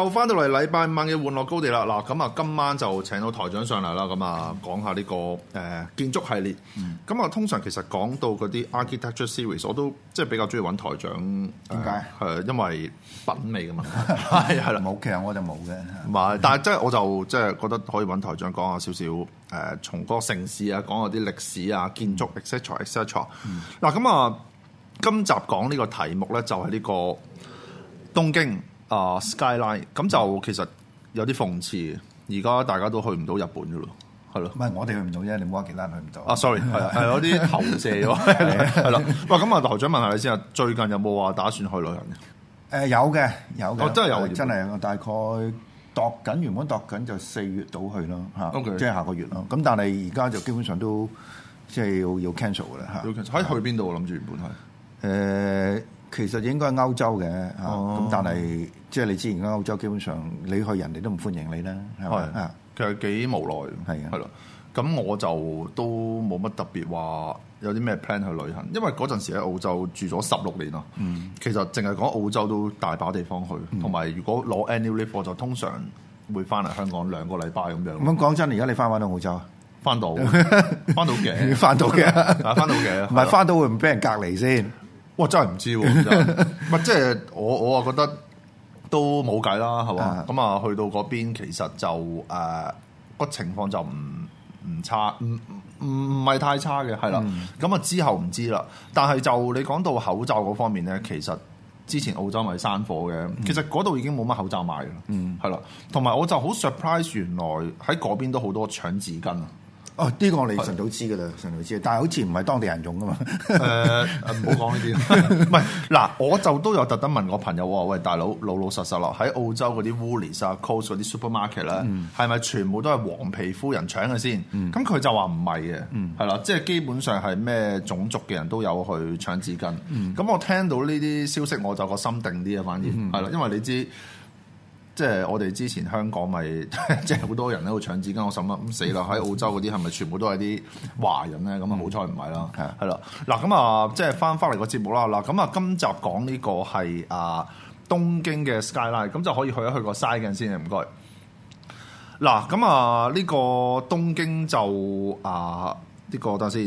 又翻到嚟禮拜五嘅玩樂高地啦，嗱咁啊，今晚就請到台長上嚟啦，咁啊講下呢個誒建築系列。咁啊，通常其實講到嗰啲 architecture series，我都即係比較中意揾台長。點解？係因為品味噶嘛。係係啦，冇強我就冇嘅。唔係，但係即係我就即係覺得可以揾台長講下少少誒，從個城市啊，講下啲歷史啊、建築 etc etc 嗱咁啊，今集講呢個題目咧，就係呢個東京。啊、uh, Skyline 咁就其實有啲諷刺，而家大家都去唔到日本噶咯，係咯，唔係我哋去唔到啫，你唔好話其他人去唔到。啊、uh，sorry，係啊， 係有啲投射咯，係啦。喂，咁啊，台長問下你先啊，最近有冇話打算去旅行嘅？誒、呃，有嘅，有嘅，我、嗯哦、真係有，本真係有。大概度緊，原本度緊就四月度去咯，嚇，Okay. 即係下個月咯。咁但係而家就基本上都即係、就是、要要 cancel 嘅啦，可以去邊度？我諗住原本係誒。 是 其實應該係歐洲嘅，咁但係即係你知而家歐洲基本上你去人哋都唔歡迎你啦，係嘛？其實幾無奈，係係咯。咁我就都冇乜特別話有啲咩 plan 去旅行，因為嗰陣時喺澳洲住咗十六年啊。其實淨係講澳洲都大把地方去，同埋如果攞 annual leave 就通常會翻嚟香港兩個禮拜咁樣。咁講真，而家你翻唔翻到澳洲？翻到，翻到嘅，翻到嘅，翻到嘅，唔係翻到會唔俾人隔離先？哇！真係唔知喎，唔知，唔 即係我我啊覺得都冇計啦，係嘛？咁啊、嗯、去到嗰邊其實就誒個、呃、情況就唔唔差，唔唔唔係太差嘅，係啦。咁啊、嗯、之後唔知啦，但係就你講到口罩嗰方面咧，其實之前澳洲咪山火嘅，其實嗰度已經冇乜口罩賣㗎啦，嗯，係啦。同埋我就好 surprise，原來喺嗰邊都好多搶紙巾啊！哦，呢、這個我哋晨早知嘅啦，晨早知，但係好似唔係當地人用嘅嘛。誒、呃，唔好講呢啲，唔係嗱，我就都有特登問我朋友話：喂，大佬老老實實咯，喺澳洲嗰啲 Woolies 啊、Coles 嗰啲 supermarket 咧、嗯，係咪全部都係黃皮膚人搶嘅先？咁佢、嗯、就話唔係嘅，係啦、嗯，即係基本上係咩種族嘅人都有去搶紙巾。咁、嗯、我聽到呢啲消息，我就個心定啲啊，反而係啦、嗯，因為你知。即係我哋之前香港咪即係好多人喺度搶紙巾，我心諗咁死啦！喺澳洲嗰啲係咪全部都係啲華人咧？咁啊好彩唔係啦，係啦的。嗱咁啊，即係返返嚟個節目啦。嗱咁啊，今集講呢個係啊東京嘅 Skyline，咁就可以去一去個 Skying 先唔該。嗱咁啊，呢、呢個東京就啊啲、呢個得先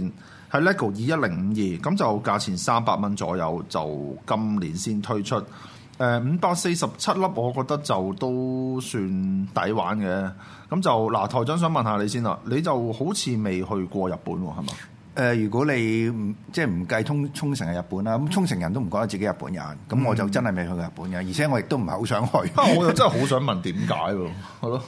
係 LEGO 二一零五二，咁就價錢三百蚊左右，就今年先推出。誒五百四十七粒，我覺得就都算抵玩嘅。咁就嗱，台長想問下你先啦。你就好似未去過日本喎，係嘛？誒，如果你唔即係唔計沖沖繩係日本啦，咁沖繩人都唔覺得自己日本人，咁我就真係未去過日本人，而且我亦都唔係好想去，我又真係好想問點解喎。係咯，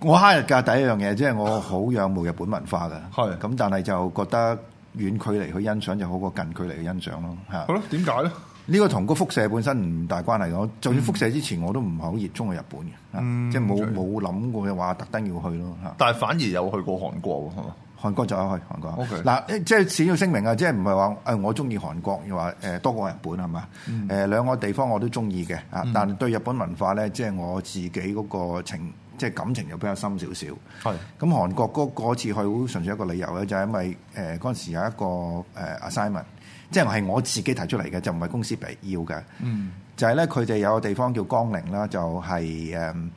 我哈日噶第一樣嘢，即係我好仰慕日本文化嘅。係咁，但係就覺得遠距離去欣賞就好過近距離去欣賞咯。嚇，好咯，點解咧？呢個同個輻射本身唔大關係。我就算輻射之前，我都唔係好熱衷去日本嘅，即係冇冇諗過話特登要去咯嚇。但係反而有去過韓國喎，係嘛？韓國就有去韓國。嗱，即係首先要聲明啊，即係唔係話誒我中意韓國，而話誒多過日本係嘛？誒兩個地方我都中意嘅，但係對日本文化咧，即係我自己嗰個情，即係感情又比較深少少。係咁，韓國嗰次去好純粹一個理由咧，就係因為誒嗰陣時有一個誒 assignment。即係係我自己提出嚟嘅，就唔係公司要嘅。嗯、就係咧，佢哋有個地方叫江陵啦，就係、是、誒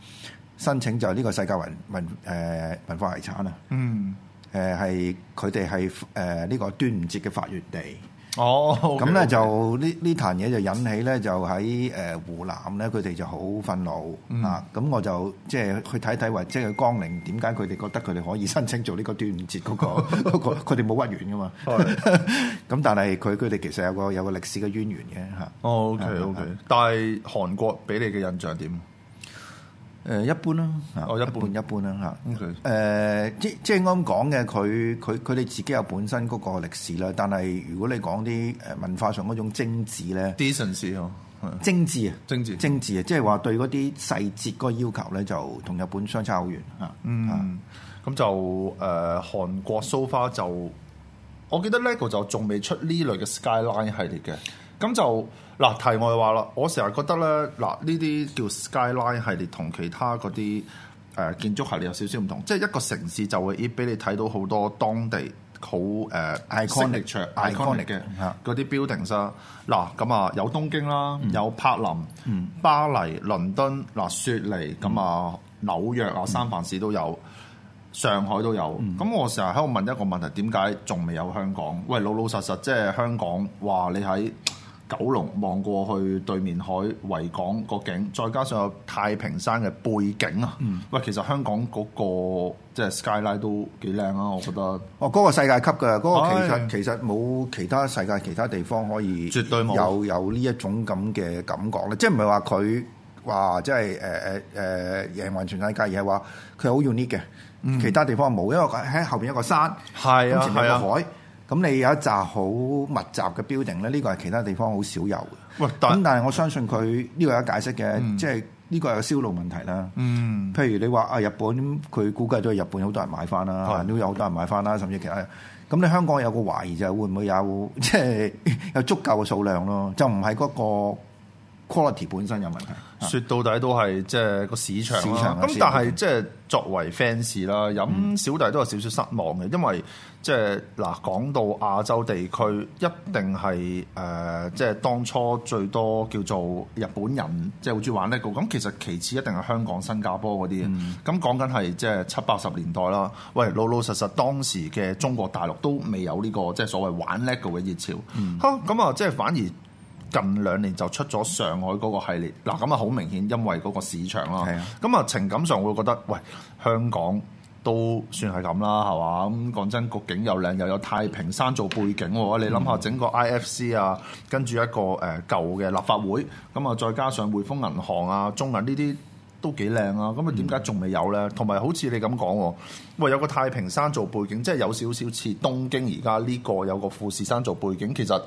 申請就呢個世界文文誒文化遺產啊。誒係佢哋係誒呢個端午節嘅發源地。哦，咁咧、oh, okay, okay. 就呢呢壇嘢就引起咧，就喺誒、呃、湖南咧，佢哋就好憤怒、嗯、啊！咁我就即係、就是、去睇睇，或者去江陵，點解佢哋覺得佢哋可以申請做呢個端午節嗰個嗰個，佢哋冇屈原噶嘛。咁 但係佢佢哋其實有個有個歷史嘅淵源嘅嚇。O K O K，但係韓國俾你嘅印象點？誒一般啦，我、oh, 一般一般啦嚇。誒般 okay.、呃、即即啱講嘅，佢佢佢哋自己有本身嗰個歷史啦。但係如果你講啲誒文化上嗰種精緻咧 design 師嗬，精緻啊，精緻治，精緻啊，即係話對嗰啲細節嗰個要求咧，就同日本相差好遠嚇。嗯，咁是就誒、呃、韓國 so far 就我記得 lego 就仲未出呢類嘅 skyline 系列嘅，咁就。嗱，題外話啦，我成日覺得咧，嗱呢啲叫 Skyline 系列同其他嗰啲誒建築系列有少少唔同，即、就、係、是、一個城市就會俾你睇到好多當地好誒 iconic 嘅嗰啲 building 啫。嗱、呃，咁啊、嗯嗯、有東京啦，有柏林、嗯、巴黎、倫敦，嗱雪梨咁啊、嗯、紐約啊，三藩市都有，嗯、上海都有。咁我成日喺度問一個問題，點解仲未有香港？喂，老老實實即係香港話你喺，九龍望過去對面海、維港個景，再加上有太平山嘅背景啊，喂，嗯、其實香港嗰個即係 skyline 都幾靚啊，我覺得。哦，嗰個世界級嘅，嗰個其實、哎、其實冇其他世界其他地方可以有絕對冇，有有呢一種咁嘅感覺咧，即係唔係話佢話即係誒誒誒贏遍全世界，而係話佢好 unique 嘅，其他地方冇，嗯、因為喺後邊一個山，係是啊，係啊，前面一個海。咁你有一紮好密集嘅 building 咧，呢、這個係其他地方好少有嘅。咁但係我相信佢呢、這個有解釋嘅，嗯、即係呢、這個係個銷路問題啦。嗯，譬如你話啊，日本佢估計都係日本好多人買翻啦，都、嗯、有好多人買翻啦，甚至其他。咁你香港有個懷疑就係會唔會有即係、就是、有足夠嘅數量咯？就唔係嗰個。Quality 本身有問題，説到底都係即係個市場啦。咁市場但係即係作為 fans 啦，嗯、飲小弟都有少少失望嘅，因為即係嗱，講到亞洲地區，一定係誒即係當初最多叫做日本人即係好中意玩 Lego。咁其實其次一定係香港、新加坡嗰啲。咁講緊係即係七八十年代啦。喂，老老實實當時嘅中國大陸都未有呢、這個即係、就是、所謂玩 Lego 嘅熱潮。嚇咁、嗯、啊，即係反而。近兩年就出咗上海嗰個系列，嗱咁啊好明顯，因為嗰個市場啦，咁啊的情感上會覺得，喂香港都算係咁啦，係嘛？咁講真，個景，景又靚又有太平山做背景，嗯、你諗下整個 IFC 啊，跟住一個誒、呃、舊嘅立法會，咁啊再加上匯豐銀行啊、中銀呢啲都幾靚啊，咁啊點解仲未有呢？同埋、嗯、好似你咁講，喂有個太平山做背景，即係有少少似東京而家呢個有個富士山做背景，其實。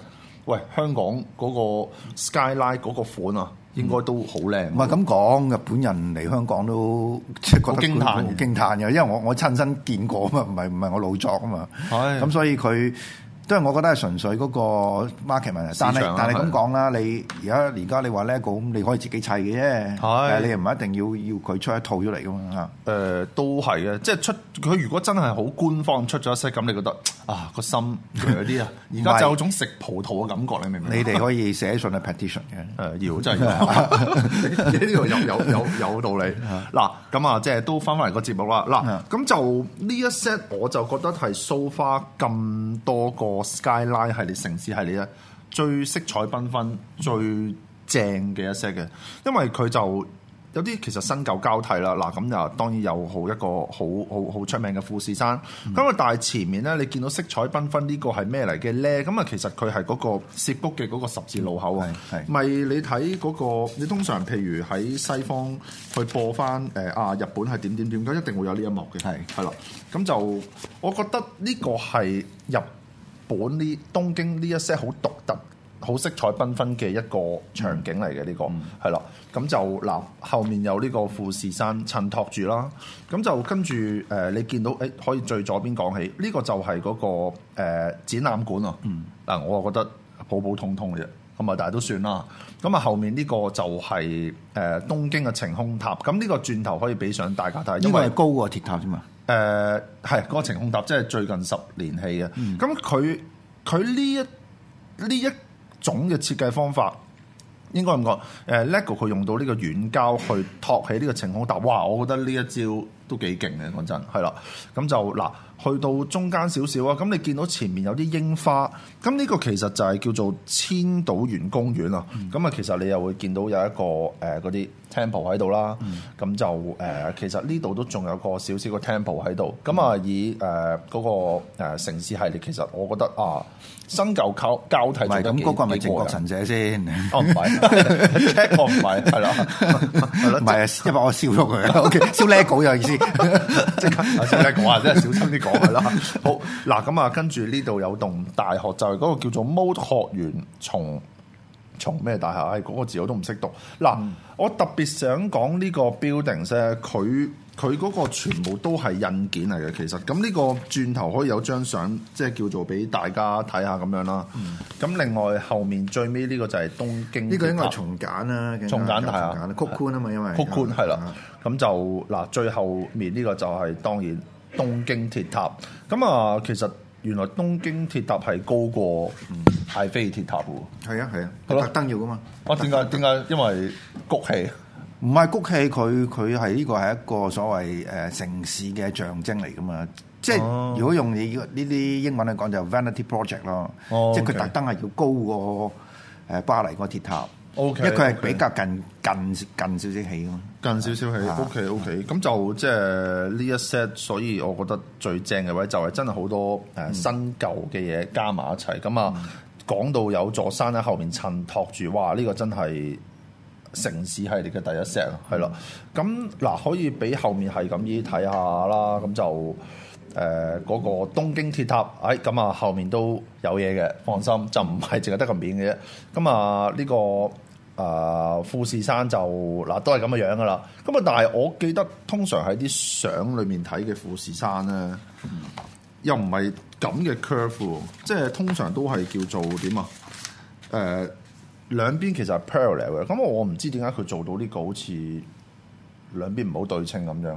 喂，香港嗰個 Skyline 嗰個款啊，應該都好靚。唔係咁講，日本人嚟香港都即係覺得好驚歎嘅，因為我我親身見過啊嘛，唔係唔係我老作啊嘛。咁嘅所以佢。都係我覺得係純粹嗰個 market 問題。但係但係咁講啦，你而家而家你話話、呢個咁你可以自己砌嘅啫。係是的、呃、你唔一定要要佢出一套出嚟噶嘛？誒、呃、都係啊，即係出佢如果真係好官方出咗一 set，咁你覺得啊個心弱啲啊？而家就有種食葡萄嘅感覺，你明唔明？你哋可以寫信去 petition 嘅。誒、呃、要真係嘅，呢度 有有有有道理。嗱，咁啊，即係都翻翻嚟個節目啦。嗱、啊，咁就呢一 set 我就覺得係 so far 咁多個。我 Skyline 系列、城市系列咧，最色彩繽紛、嗯、最正嘅一些嘅，因為佢就有啲其實新舊交替啦。嗱，咁就當然有好一個好好好，好出名嘅富士山。咁啊、嗯，但係前面咧，你見到色彩繽紛、這個、呢個係咩嚟嘅咧？咁啊，其實佢係嗰個澀谷嘅嗰個十字路口啊，係咪、嗯、你睇嗰、那個？你通常譬如喺西方去播翻誒啊，日本係點點點解一定會有呢一幕嘅係係啦。咁是就我覺得呢個系入。本呢東京呢一些好獨特、好色彩繽紛嘅一個場景嚟嘅呢個係啦，咁、嗯、就嗱後面有呢個富士山襯托住啦，咁就跟住誒你見到誒、欸、可以最左邊講起呢、這個就係嗰、那個、呃、展覽館啊，嗱、嗯、我覺得普普通通嘅啫，咁啊但係都算啦，咁啊後面呢個就係、是、誒、呃、東京嘅晴空塔，咁呢個轉頭可以比上大家睇，因為係高個鐵塔啫嘛。誒係，呃個晴空塔即係最近十年起嘅，咁佢佢呢一呢一種嘅設計方法，應該咁講，誒、呃、LEGO 佢用到呢個軟膠去托起呢個晴空塔，哇！我覺得呢一招都幾勁嘅，講真，係啦，咁就嗱，去到中間少少啊，咁你見到前面有啲櫻花，咁呢個其實就係叫做千島園公園啊，咁啊、嗯、其實你又會見到有一個誒嗰啲，呃 temple 喺度啦，咁就誒，嗯、其實呢度都仲有個少少個 temple 喺度，咁啊、嗯、以誒嗰個城市系列，其實我覺得啊，新舊交交替做得幾過。神社先，哦唔係哦，唔係，係啦， 係啦，唔係，因為我笑咗佢，OK，笑， 燒 LEGO 有意思，即 刻小心啲講下先，小心啲講佢啦。好，嗱咁啊，跟住呢度有棟大學，就係、是、嗰個叫做 Mode 學院，從。從咩大廈？嗰、那個字我都唔識讀。嗱，嗯、我特別想講呢個 building 咧，佢佢嗰個全部都係印件嚟嘅。其實咁呢個轉頭可以有張相，即係叫做俾大家睇下咁樣啦。咁、嗯、另外後面最尾呢個就係東京，呢個應該係重簡啦。重簡大廈啊，曲觀啊嘛，因為曲觀係啦。咁就嗱，最後面呢個就係當然東京鐵塔。咁啊，其實。原來東京鐵塔係高過埃菲、嗯嗯、鐵塔嘅，係啊係啊，佢、啊、特登要嘅嘛。我點解點解？啊、為為因為谷氣唔係谷氣，佢佢係呢個係一個所謂誒、呃、城市嘅象徵嚟嘅嘛。即係、啊、如果用你呢啲英文嚟講，就 vanity project 咯，即係佢特登係要高過誒巴黎個鐵塔。O Okay , K，、okay, 因為佢係比較近 okay 近近少少起嘅嘛，近少少起。O K O K，咁就即係呢一 set，所以我覺得最正嘅位就係真係好多誒、uh, 嗯、新舊嘅嘢加埋一齊。咁啊，講、嗯、到有座山喺後面襯托住，哇！呢、這個真係城市系列嘅第一 set，係啦。咁嗱、啊，可以俾後面係咁意睇下啦。咁就誒嗰、uh, 個東京鐵塔，誒、哎、咁啊，後面都有嘢嘅，放心，嗯、就唔係淨係得個面嘅啫。咁啊，呢、這個。啊，uh, 富士山就嗱都係咁嘅樣噶啦。咁啊，但係我記得通常喺啲相裏面睇嘅富士山咧，嗯、又唔係咁嘅 curve，、啊、即係通常都係叫做點啊？誒、呃，兩邊其實係 parallel 嘅。咁、啊、我唔知點解佢做到呢、個好似兩邊唔好對稱咁樣。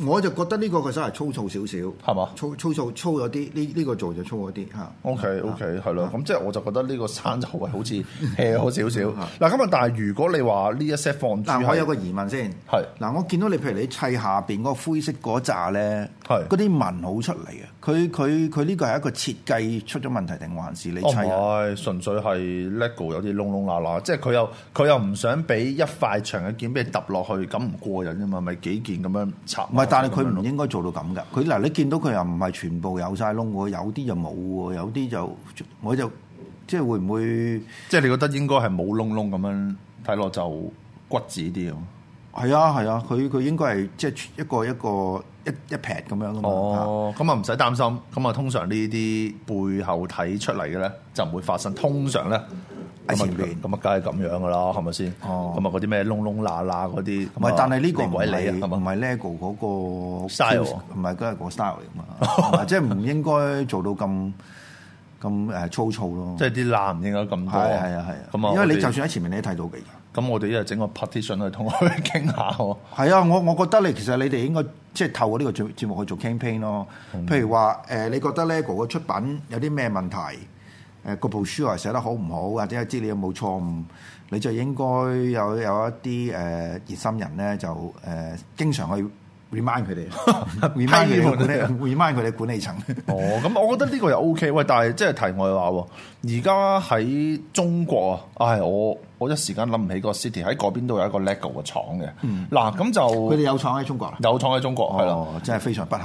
我就覺得呢個其實係粗糙少少，係嘛？粗粗糙粗咗啲，呢呢個做就粗咗啲嚇。O K O K 係咯，咁即係我就覺得呢個山就好似好似，a 好少少。嗱，咁啊，但係如果你話呢一 set 放住，但我有個疑問先係。嗱，我見到你譬如你砌下邊嗰個灰色嗰紮咧，係嗰啲紋好出嚟嘅。佢佢佢呢個係一個設計出咗問題定還是你砌？唔純粹係 LEGO 有啲窿窿罅罅，即係佢又佢又唔想俾一塊長嘅件俾你揼落去，咁唔過癮㗎嘛？咪幾件咁樣插。但係佢唔應該做到咁噶，佢，嗱你見到佢又唔係全部有晒窿喎，有啲就冇喎，有啲就我就即係會唔會即係你覺得應該係冇窿窿咁樣睇落就骨子啲啊？係啊係啊，佢佢應該係即係一個一個一一片咁樣咯。哦，咁啊唔使擔心，咁啊通常呢啲背後睇出嚟嘅咧就唔會發生，通常咧。喺前面，咁啊，梗係咁樣噶啦，係咪先？哦，咁啊，嗰啲咩窿窿罅罅嗰啲，唔係，但係呢個唔係唔係 LEGO 嗰個 style，唔係梗係個 style 嚟嘛，即係唔應該做到咁咁誒粗糙咯，即係啲罅唔應該咁多，係啊係啊，咁啊，因為你就算喺前面你都睇到嘅，咁我哋依度整個 partition 去同我哋傾下喎。係啊，我我覺得你其實你哋應該即係透過呢個節節目去做 campaign 咯，譬如話誒，你覺得 LEGO 嘅出品有啲咩問題？誒嗰、呃、部書話寫得好唔好，或者係資料有冇錯誤，你就應該有有一啲誒、呃、熱心人咧，就誒、呃、經常去，remind 佢哋 ，remind 佢哋，remind 佢哋管理層。哦， 咁、oh, 我覺得呢個又 OK。喂，但係即係題外話，而家喺中國啊，係、哎、我我一時間諗唔起個 city 喺嗰邊都有一個 LEGO 嘅廠嘅。嗱咁、嗯、就佢哋有廠喺中國，中國、哦、啦，有廠喺中國係啦，真係非常不幸。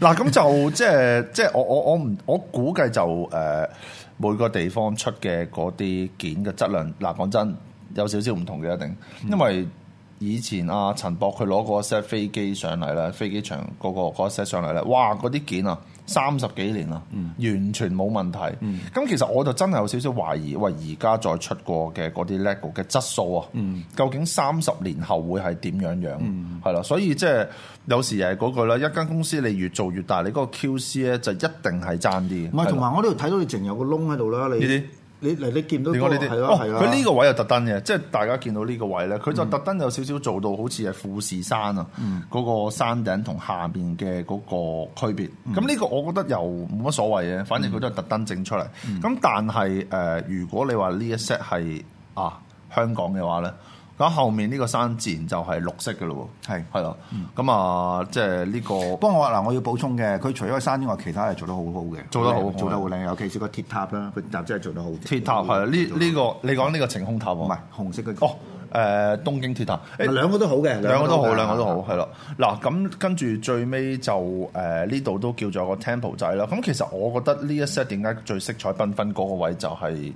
嗱咁 就即係即係我我我唔我估計就誒、呃、每個地方出嘅嗰啲件嘅質量，嗱講真有少少唔同嘅一定，因為。嗯以前阿、啊、陳博佢攞過一 set 飛機上嚟咧，飛機場嗰、那個嗰 set、那個、上嚟咧，哇！嗰啲件啊，三十幾年啦，嗯、完全冇問題。咁、嗯、其實我就真係有少少懷疑，喂，而家再出過嘅嗰啲 LEGO 嘅質素啊，嗯、究竟三十年後會係點樣樣？係啦、嗯，所以即係有時又係嗰句啦，一間公司你越做越大，你嗰個 QC 咧就一定係爭啲。唔係是，同埋的我呢度睇到你淨有個窿喺度啦，你。你嚟你見到、那個，我呢啲哦，佢呢、啊、個位又特登嘅，即、就、係、是、大家見到呢個位咧，佢就特登有少少做到好似係富士山啊，嗰、嗯、個山頂同下邊嘅嗰個區別。咁呢、嗯、個我覺得又冇乜所謂嘅，反正佢都係特登整出嚟。咁、嗯、但係誒、呃，如果你、啊、話呢一 set 係啊香港嘅話咧。咁後面呢個山自然就係綠色嘅咯喎，係係咯，咁啊即係呢個。不過我嗱，我要補充嘅，佢除咗個山之外，其他係做得好好嘅，做得好，做得好靚。尤其是個鐵塔啦，佢真係做得好。鐵塔係啊，呢呢個你講呢個晴空塔喎，唔係紅色嘅。哦誒東京鐵塔，誒兩個都好嘅，兩個都好，兩個都好係咯。嗱咁跟住最尾就誒呢度都叫做個 temple 仔啦。咁其實我覺得呢一 set 點解最色彩繽紛嗰個位就係。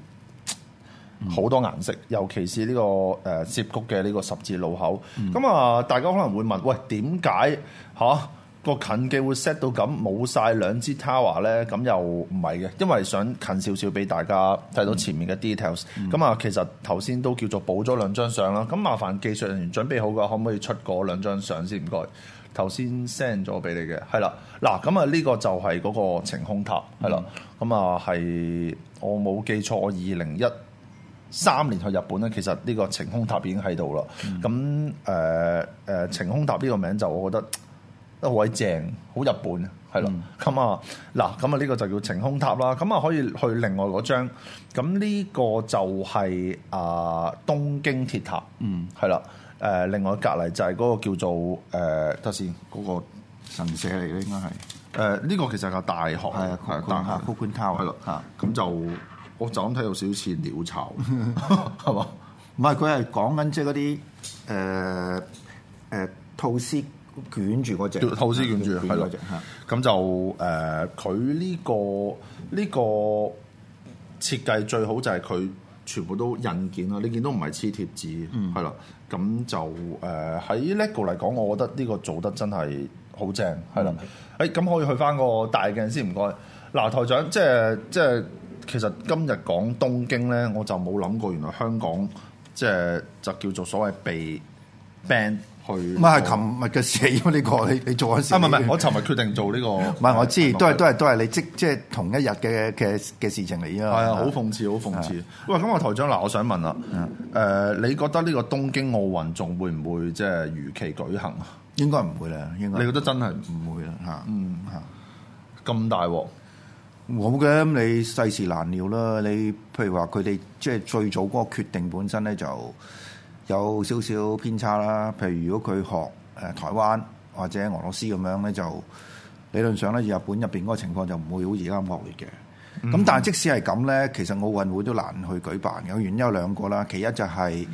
好多顏色，尤其是呢、這個誒澀谷嘅呢個十字路口。咁啊、嗯，大家可能會問：喂，點解嚇個近鏡會 set 到咁冇晒兩支 tower 咧？咁又唔係嘅，因為想近少少俾大家睇到前面嘅 details。咁啊、嗯，嗯、其實頭先都叫做補咗兩張相啦。咁麻煩技術人員準備好嘅，可唔可以出嗰兩張相先？唔該。頭先 send 咗俾你嘅，係啦。嗱，咁啊，呢、啊這個就係嗰個晴空塔，係啦、嗯。咁啊，係我冇記錯，我二零一。三年去日本咧，其實呢個晴空塔已經喺度啦。咁誒誒晴空塔呢個名就我覺得都好鬼正，好日本係咯。咁啊嗱，咁啊呢個就叫晴空塔啦。咁啊可以去另外嗰張。咁呢個就係、是、啊東京鐵塔。嗯，係啦。誒、呃、另外隔離就係嗰個叫做誒、呃，等先嗰個神社嚟嘅應該係。誒呢、呃這個其實係個大學，高官塔。那對我就咁睇有少少似鳥巢，係嘛 吧？唔係，佢係講緊即係嗰啲誒誒套絲捲住嗰隻，套絲捲住係咯，咁就誒佢呢個呢、呢個設計最好就係佢全部都印件啊，呢件都唔係黐貼紙，係啦、嗯，咁就誒喺 lego 嚟講，我覺得呢個做得真係好正，係啦。誒咁、嗯欸、可以去返個大鏡先，唔該。嗱、啊、台長即係即係。即即即即即其實今日講東京咧，我就冇諗過原來香港即係就叫做所謂被 ban 去。唔係，係琴日嘅事，呢個你你做緊。啊，唔係唔係，我尋日決定做呢個。唔係，我知，都係都係都係你即即係同一日嘅嘅嘅事情嚟啊。係啊，好諷刺，好諷刺。喂，咁我台長嗱，我想問啦，誒，你覺得呢個東京奧運仲會唔會即係如期舉行啊？應該唔會啦，應該。你覺得真係唔會啦吓？嗯吓，咁大鑊。冇嘅，你世事難料啦。你譬如話佢哋即係最早嗰個決定本身咧，就有少少偏差啦。譬如如果佢學誒台灣或者俄羅斯咁樣咧，就理論上咧，日本入邊嗰個情況就唔會好似而家咁惡劣嘅。咁、嗯、哼但係即使係咁咧，其實奧運會都難去舉辦。有原因有兩個啦，其一就係、是、誒、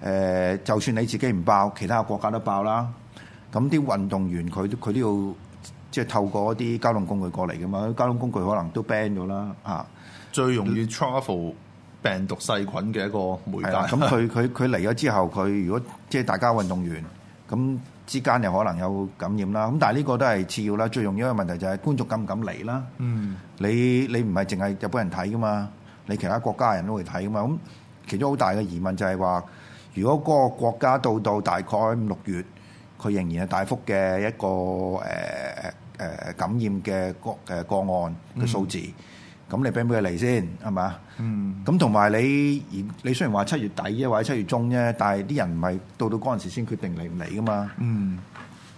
呃，就算你自己唔爆，其他國家都爆啦。咁啲運動員佢佢都，都要。即係透過一啲交通工具過嚟嘅嘛，交通工具可能都 ban 咗啦。嚇，最容易 travel 病毒細菌嘅一個媒介。咁佢佢佢嚟咗之後，佢如果即係大家運動員咁之間又可能有感染啦。咁但係呢個都係次要啦。最容易一個問題就係、是、觀眾敢唔敢嚟啦？嗯你，你你唔係淨係日本人睇噶嘛？你其他國家人都會睇噶嘛？咁、嗯、其中好大嘅疑問就係話，如果嗰個國家到到大概五六月，佢仍然係大幅嘅一個誒。呃誒、呃、感染嘅個誒、呃、個案嘅數字，咁你俾唔俾佢嚟先，係咪？嗯。咁同埋你而、嗯、你，你雖然話七月底或者七月中啫，但係啲人唔係到到嗰陣時先決定嚟唔嚟㗎嘛？嗯。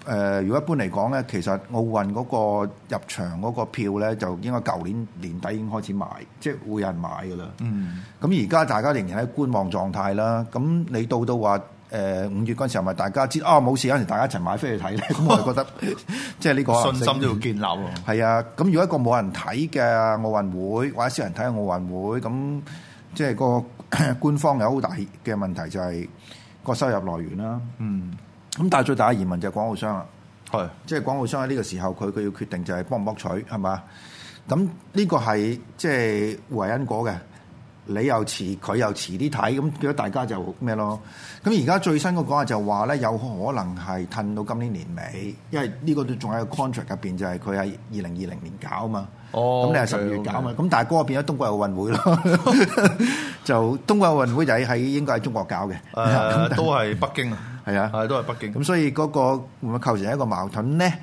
誒、呃，如果一般嚟講咧，其實奧運嗰個入場嗰個票咧，就應該舊年年底已經開始買，即係會有人買㗎啦。嗯。咁而家大家仍然喺觀望狀態啦。咁你到到話？誒五月嗰陣時候，咪大家知啊冇、哦、事，間時，大家一齊買飛去睇咧，咁 我就覺得即係呢個信心都要建立喎、啊。係啊，咁如果一個冇人睇嘅奧運會，或者少人睇嘅奧運會，咁即係個 官方有好大嘅問題，就係個收入來源啦。嗯，咁但係最大疑問就係廣告商啦。係的，即係廣告商喺呢個時候，佢佢要決定就係幫唔幫取，係咪啊？咁呢個係即係為因果嘅。你又遲，佢又遲啲睇，咁變咗大家就咩咯？咁而家最新個講話就話咧，有可能係褪到今年年尾，因為呢個都仲喺個 contract 入邊，就係佢喺二零二零年搞嘛。哦，咁你係十二月搞嘛？咁但係嗰個變咗冬季奧運會咯， 就冬季奧運會就喺喺應該喺中國搞嘅。誒， 都係北京啊。係啊，係都係北京。咁所以嗰、那個會唔會構成一個矛盾咧。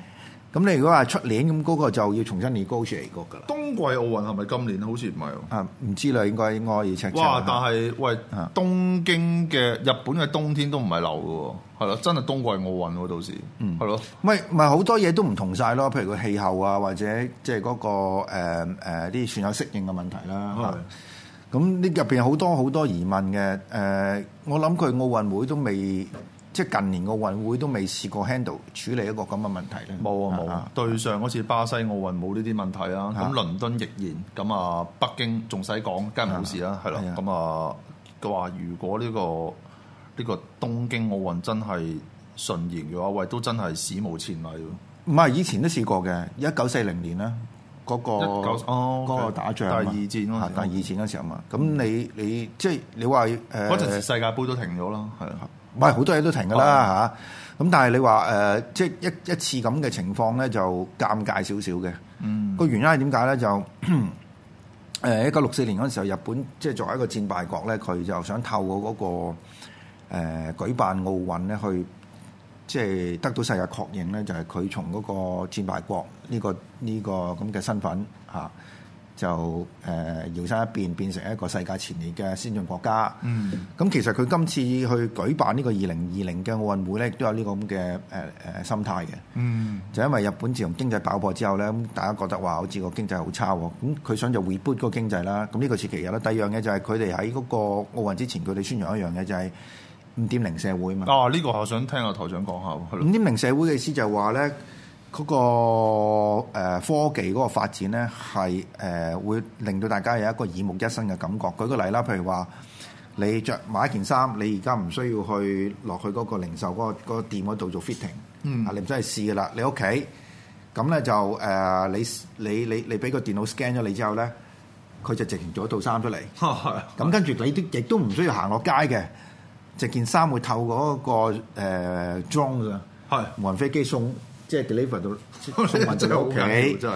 咁你如果話出年咁，嗰個就要重新嚟高處嚟過噶啦。冬季奧運係咪今年？好似唔係啊，啊、唔知啦，應該應該要測測下。但係喂，啊、東京嘅日本嘅冬天都唔係流嘅喎，係咯，真係冬季奧運喎、啊，到時。嗯。係咯的。咪咪好多嘢都唔同晒咯，譬如個氣候啊，或者即係嗰個誒啲、呃呃、算有適應嘅問題啦。咁呢入邊好多好多疑問嘅，誒、呃，我諗佢奧運會都未。即係近年個奧運會都未試過 handle 處理一個咁嘅問題咧。冇啊冇，對上嗰次巴西奧運冇呢啲問題啊。咁倫敦亦然。咁啊，北京仲使講，梗係冇事啦。係啦。咁啊，佢話如果呢個呢個東京奧運真係順延嘅話，喂，都真係史無前例。唔係，以前都試過嘅。一九四零年咧，嗰個嗰個打仗，第二戰咯，第二戰嗰時候嘛。咁、嗯、你你即係你話嗰陣時世界盃都停咗啦，係啦。唔係好多嘢都停噶啦嚇，咁、哦、但係你話誒、呃，即係一一次咁嘅情況咧，就尷尬少少嘅。嗯，個原因係點解咧？就誒，一九六四年嗰陣時候，日本即係作為一個戰敗國咧，佢就想透過嗰、那個誒、呃、舉辦奧運咧，去即係得到世界確認咧，就係、是、佢從嗰個戰敗國呢、這個呢、這個咁嘅、這個、身份嚇。啊就誒、呃、搖身一變變成一個世界前列嘅先進國家。嗯，咁其實佢今次去舉辦呢個二零二零嘅奧運會咧，亦都有呢個咁嘅誒誒心態嘅。嗯，就因為日本自從經濟爆破之後咧，咁大家覺得話好似個經濟好差喎，咁佢想就 reboot 個經濟啦。咁呢個時期有啦。第二樣嘢就係佢哋喺嗰個奧運之前，佢哋宣揚一樣嘢就係五點零社會嘛。哦、啊，呢、這個我想聽阿台長講下喎。五點零社會嘅意思就係話咧。嗰、那個、呃、科技嗰個發展咧，係誒、呃、會令到大家有一個耳目一新嘅感覺。舉個例啦，譬如話你著買一件衫，你而家唔需要去落去嗰個零售嗰、那個那個店嗰度做 fitting，啊、嗯、你唔使去試噶啦，你屋企咁咧就誒、呃、你你你你俾個電腦 scan 咗你之後咧，佢就直情做一套衫出嚟。咁跟住你都亦都唔需要行落街嘅，就件衫會透過嗰、那個誒 drone 無人飛機送。嗯即係 deliver 到居民嘅屋企， 哦、真係。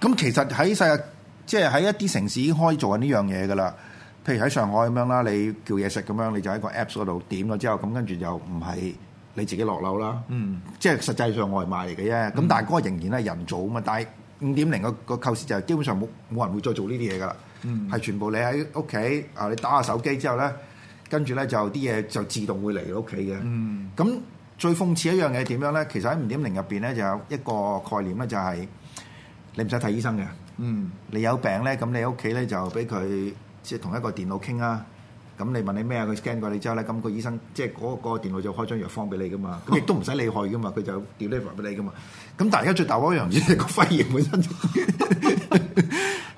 咁 其實喺世界，即係喺一啲城市已經開做緊呢樣嘢㗎啦。譬如喺上海咁樣啦，你叫嘢食咁樣，你就喺個 app 嗰度點咗之後，咁跟住就唔係你自己落樓啦。嗯。即係實際上外賣嚟嘅啫。咁、嗯、但係嗰個仍然係人做啊嘛。但係五點零個個構思就係基本上冇冇人會再做呢啲嘢㗎啦。嗯。係全部你喺屋企啊，你打下手機之後咧，跟住咧就啲嘢就，就自動會嚟你屋企嘅。嗯。咁、嗯。最諷刺一樣嘢點樣咧？其實喺五點零入邊咧，就有一個概念咧，就係你唔使睇醫生嘅。嗯，你有病咧，咁你喺屋企咧就俾佢即係同一個電腦傾啦。咁你問你咩啊？佢 scan 過你之後咧，咁個醫生即係嗰個嗰個電腦就開張藥方俾你噶嘛。咁亦都唔使理會嘅嘛。佢就 deliver 俾你噶嘛。咁但係而家最大嗰樣唔知係個肺炎本身。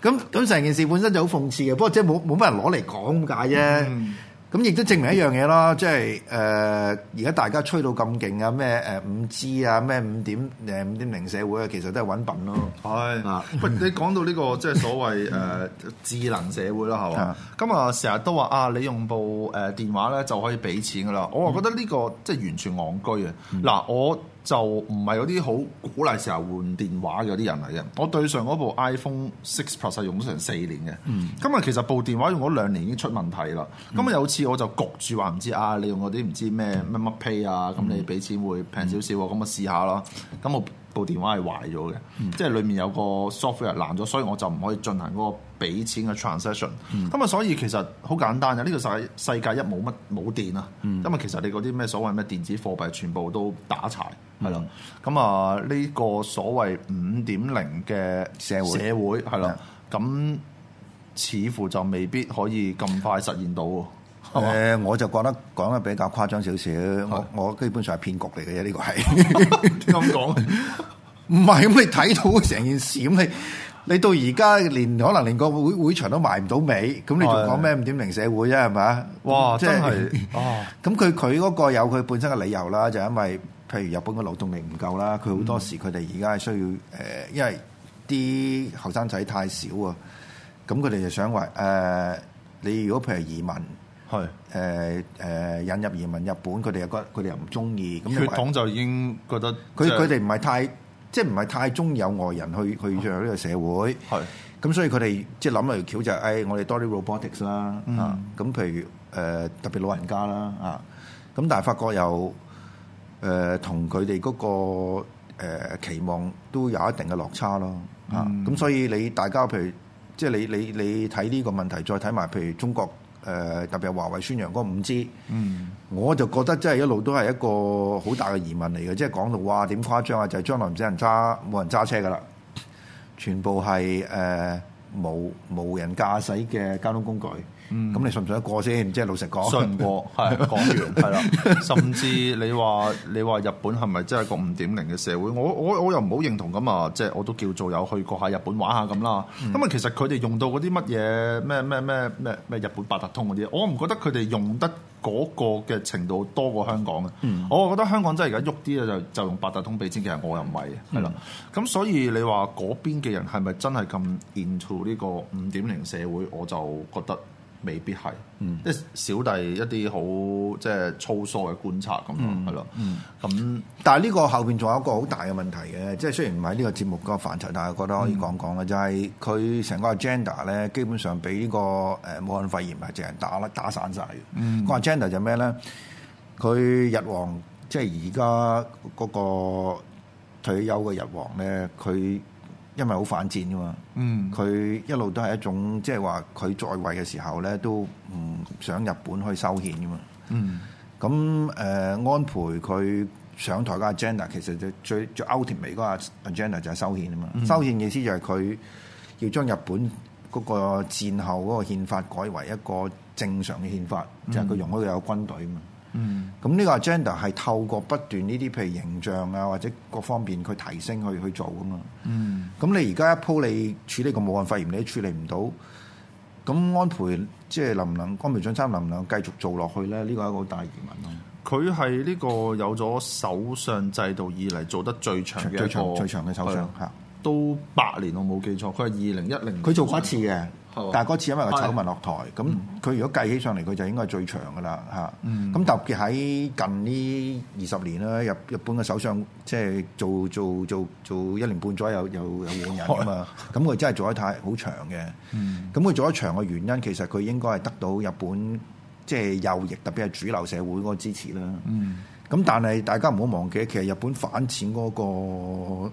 咁咁成件事本身就好諷刺嘅。不過即係冇冇乜人攞嚟講咁解啫。咁亦都證明一樣嘢咯，即係誒而家大家吹到咁勁啊，咩誒五 G 啊，咩五點誒五點零社會啊，其實都係揾笨咯。係、哎，喂、 這個，你講到呢個即係所謂誒、呃、智能社會啦，係嘛？咁啊成日都話啊，你用部誒電話咧就可以俾錢噶啦，我啊覺得呢個即係完全昂居啊。嗱，我。就唔係嗰啲好鼓勵時候換電話嗰啲人嚟嘅。我對上嗰部 iPhone Six Plus 用咗成四年嘅，今日、嗯、其實部電話用咗兩年已經出問題啦。咁啊、嗯、有次我就焗住話唔知啊，你用嗰啲唔知咩乜乜 Pay 啊，咁你俾錢會平少少，咁我、嗯、試下咯。咁我部電話係壞咗嘅，嗯、即係裡面有個 software 爛咗，所以我就唔可以進行嗰個俾錢嘅 transaction、嗯。咁啊所以其實好簡單嘅，呢、呢個世世界一冇乜冇電啊，嗯、因為其實你嗰啲咩所謂咩電子貨幣全部都打柴。係咯，咁啊呢個所謂五點零嘅社會，社會係咯，咁似乎就未必可以咁快實現到。誒，我就覺得講得比較誇張少少，我我基本上係騙局嚟嘅啫，呢個係咁講，唔係咁你睇到成件事，咁你你到而家連可能連個會會場都埋唔到尾，咁你仲講咩五點零社會啫，係咪啊？哇，真係哦！咁佢佢嗰個有佢本身嘅理由啦，就因為。譬如日本嘅勞動力唔夠啦，佢好多時佢哋而家係需要誒、呃，因為啲後生仔太少啊，咁佢哋就想話誒、呃，你如果譬如移民係誒誒引入移民日本，佢哋又覺得佢哋又唔中意咁，血統就已經覺得佢佢哋唔係太即係唔係太中意有外人去去進入呢個社會係，咁、哦嗯、所以佢哋即係諗嚟條橋就係誒，我哋多啲 robotics 啦啊，咁、嗯、譬如誒、呃、特別老人家啦啊，咁但係發覺有。誒同佢哋嗰個、呃、期望都有一定嘅落差咯，嗯、啊，咁所以你大家譬如即係你你你睇呢個問題，再睇埋譬如中國誒、呃、特別係華為宣揚嗰五 G、嗯、我就覺得真係一路都係一個好大嘅疑問嚟嘅，即係講到話點誇張啊，就係、是、將來唔使人揸冇人揸車㗎啦，全部係誒、呃、無無人駕駛嘅交通工具。咁你信唔信得過先？即係老實講，信唔、嗯、過，係講完，係啦。甚至你話你話日本係咪真係個五點零嘅社會？我我我又唔好認同咁啊！即、就、係、是、我都叫做有去過下日本玩下咁啦。咁啊、嗯，其實佢哋用到嗰啲乜嘢咩咩咩咩咩日本八達通嗰啲，我唔覺得佢哋用得嗰個嘅程度多過香港嘅。嗯、我覺得香港真係而家喐啲咧，就就用八達通俾錢，其實我又唔係嘅，係啦、嗯。咁所以你話嗰邊嘅人係咪真係咁 into 呢個五點零社會？我就覺得。未必係，即、嗯、小弟一啲好即係粗疏嘅觀察咁咯，係咯，咁但係呢個後邊仲有一個好大嘅問題嘅，即係雖然唔係呢個節目個範疇，但係我覺得可以講講啦，嗯、就係佢成個 agenda 咧，基本上俾呢、呢個誒武漢肺炎係淨係打甩打散晒。嘅、嗯。個 agenda 就咩咧？佢日王即係而家嗰個退休嘅日王咧，佢。因為好反戰噶嘛，佢、嗯、一路都係一種即係話佢在位嘅時候咧，都唔想日本去修憲噶嘛。咁誒、嗯呃、安倍佢上台嗰 agenda，其實最最最 ultimate 嗰 agenda 就係修憲啊嘛。嗯、修憲意思就係佢要將日本嗰個戰後嗰個憲法改為一個正常嘅憲法，嗯、就係佢容許佢有軍隊啊嘛。嗯，咁呢個 agenda 係透過不斷呢啲譬如形象啊或者各方面去提升去去做噶嘛。嗯，咁你而家一鋪你處理個武漢肺炎你都處理唔到，咁安倍即係能唔能安倍晉三能唔能繼續做落去咧？呢個係一個大疑問啊。佢係呢個有咗首相制度以嚟做得最長嘅一個最長嘅首相嚇，是是都八年我冇記錯。佢係二零一零，佢做一次嘅。嗯但係嗰次因為個醜聞落台，咁佢、嗯、如果計起上嚟，佢就應該係最長嘅啦嚇。咁、嗯、特別喺近呢二十年啦，日日本嘅首相即係、就是、做做做做一年半左右又又換人啊嘛。咁佢 真係做得太好長嘅。咁佢、嗯、做得長嘅原因，其實佢應該係得到日本即係、就是、右翼特別係主流社會嗰個支持啦。咁、嗯、但係大家唔好忘記，其實日本反戰嗰、那個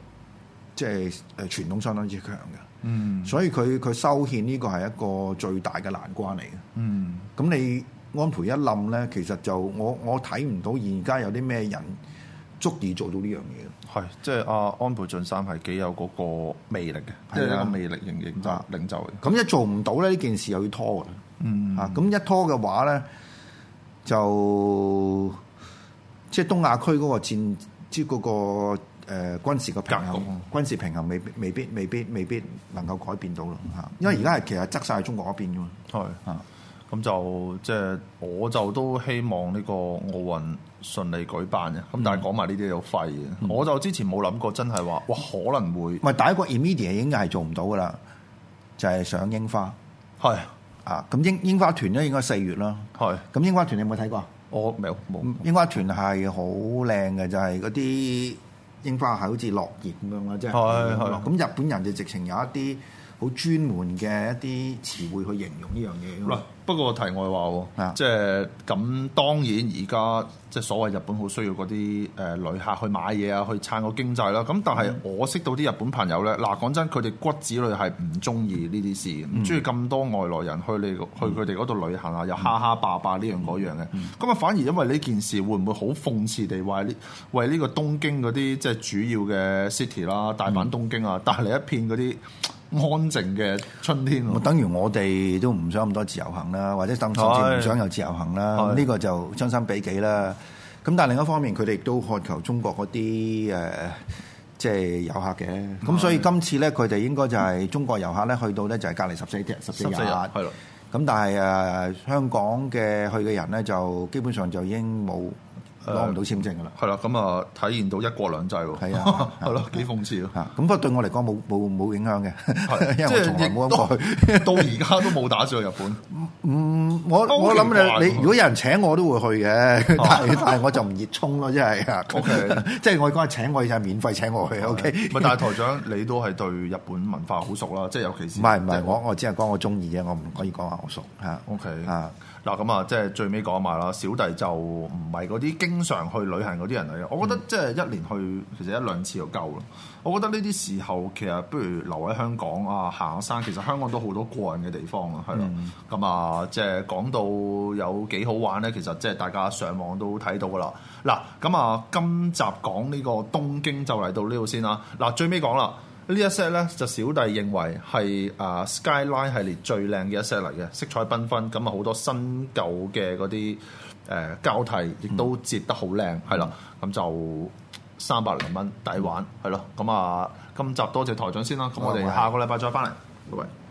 即係誒傳統相當之強嘅。嗯，所以佢佢修憲呢個係一個最大嘅難關嚟嘅。嗯，咁你安倍一冧咧，其實就我我睇唔到而家有啲咩人足以做到呢樣嘢。係，即係阿、啊、安倍晉三係幾有嗰個魅力嘅，即係、啊、個魅力型型領袖，咁、啊嗯、一做唔到咧，呢件事又要拖㗎。嗯，啊，咁一拖嘅話咧，就即係、就是、東亞區嗰個戰，即、就、嗰、是那個。誒、呃、軍事個平衡，格格軍事平衡未必未必未必未必能夠改變到咯嚇，嗯、因為而家係其實側晒中國嗰邊噶嘛。係啊，咁就即係、就是、我就都希望呢個奧運順利舉辦嘅，咁、嗯、但係講埋呢啲有廢嘅，嗯、我就之前冇諗過真係話哇可能會，唔係第一個 immediate、就是、是應該係做唔到噶啦，就係上櫻花係啊，咁櫻櫻花團咧應該四月啦。係，咁櫻花團你有冇睇過？我，冇，冇櫻花團，係好靚嘅，就係嗰啲。櫻花係好似落葉咁樣啦，即係咁。日本人就直情有一啲好專門嘅一啲詞彙去形容呢樣嘢。不過題外話喎，即係咁、嗯、當然而家即係所謂日本好需要嗰啲誒旅客去買嘢啊，去撐個經濟啦。咁但係我識到啲日本朋友咧，嗱講真，佢哋骨子裏係唔中意呢啲事，唔中意咁多外來人去你去佢哋嗰度旅行啊，嗯、又哈哈霸霸呢樣嗰樣嘅。咁啊、嗯，反而因為呢件事，會唔會好諷刺地話呢？為呢個東京嗰啲即係主要嘅 city 啦，大阪東京啊，嗯、帶嚟一片嗰啲安靜嘅春天？嗯、等於我哋都唔想咁多自由行咧。啊，或者甚至唔想有自由行啦，呢的個就將心比己啦。咁的但係另一方面，佢哋亦都渴求中國嗰啲誒，即、呃、係、就是、遊客嘅。咁的所以今次呢，佢哋應該就係中國遊客呢。去到呢，就係隔離十四日，十四日。係啦。咁但係誒、呃，香港嘅去嘅人呢，就基本上就已經冇。攞唔到簽證噶啦，係啦，咁啊，體現到一國兩制喎，係啊，係咯，幾諷刺咯，咁不過對我嚟講冇冇冇影響嘅，因為我從來冇過去，到而家都冇打算去日本。唔，我我諗你你如果有人請我都會去嘅，但但係我就唔熱衷咯，即係，O K，即係我嗰日請我就係免費請我去，O K，唔係，但係台長你都係對日本文化好熟啦，即係尤其是唔係唔係，我我只係講我中意嘅，我唔可以講話好熟嚇，O K 嚇。嗱咁啊，即係最尾講埋啦。小弟就唔係嗰啲經常去旅行嗰啲人嚟嘅，嗯、我覺得即係一年去其實一兩次就夠啦。我覺得呢啲時候其實不如留喺香港啊，行下山。其實香港都好多過癮嘅地方啊，係啦。咁啊、嗯，即係講到有幾好玩咧，其實即係大家上網都睇到噶啦。嗱咁啊，今集講呢、呢個東京就嚟到呢度先啦。嗱最尾講啦。一呢一 set 咧就小弟認為係啊 Skyline 系列最靚嘅一 set 嚟嘅，色彩繽紛，咁啊好多新舊嘅嗰啲誒交替，亦都折得好靚，係啦、嗯，咁就三百零蚊抵玩，係咯、嗯，咁啊今集多謝台長先啦，咁我哋下個禮拜再翻嚟，各位拜。拜拜。